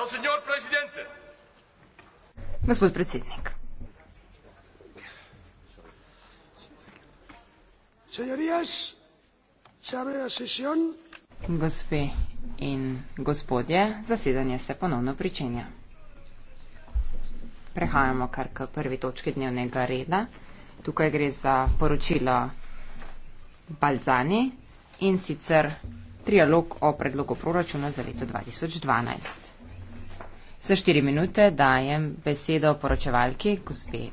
El señor presidente. Gospod predsednik. Señorías, se abre la sesión. Gospe in gospodje, zasedanje se ponovno pričenja. Prehajamo kar k prvi točki dnevnega reda. Tukaj gre za poročilo Balzani in sicer trialog o predlogu proračuna za leto 2012. Za štiri minute dajem besedo poročevalki, gospe